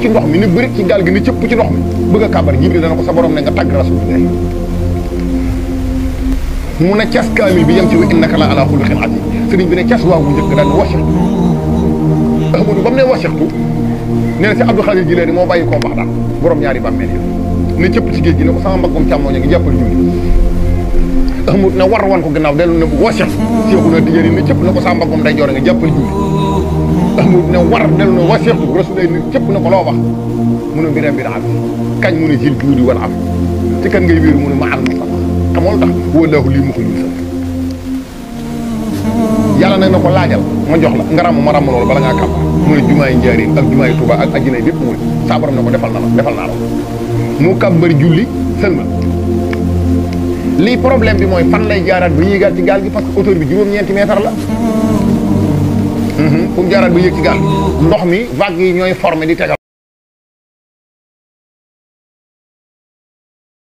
ci ndox mi ni bëri ci gaal gi ni cëpp ci ndox mi bëgg a kàbbar Jibril dana ko sa borom ne nga tàgg rasulullah mu ne cas kaamil bi yem ci wa innaka la ala a azim sëriñ bi ne cas waaw bu njëkk daal wasixtu Ahmadu ba mu ne wasixtu nee na si Abdou Xaadir Jilaani moo bàyyi koo baax daal borom ñaari bàmmeel yi ni cëpp ci géej gi ne ko sama mbagg moom càmmooñ a ngi jàppal julli amut ne war wan ko ginnaaw dellu ne wasef seexu na dijëri nit cëpp na ko sàmba gom day joore nga jàppal julli amut ne war dellu ne waseextu rasul na ko loo wax mu ne mbiram bi am kañ mu ne jil juudi wala am ci kan ngay wéeru mu ne ma al mustafa xamoo lu tax wallaahu lii muxul sa yàlla nag na ko laajal ma jox la nga ràmm ma ràmm loolu bala ngaa kàmpa mu a jumaa yi njaareen ak jumaa yi tuuba ak ajina yi bépp mu ne ne ko defal na la defal naa la mu kàmbar julli sëlma lii problème bi mooy fan lay jaaraat ba yéegaat ci gaal gi parce que hauteur bi juróom-ñeenti mètre la mm-hmm. Mm-hmm. pour jaaraat ba yéeg ci gaal gi ndox mi vague yi ñooy formé di tegal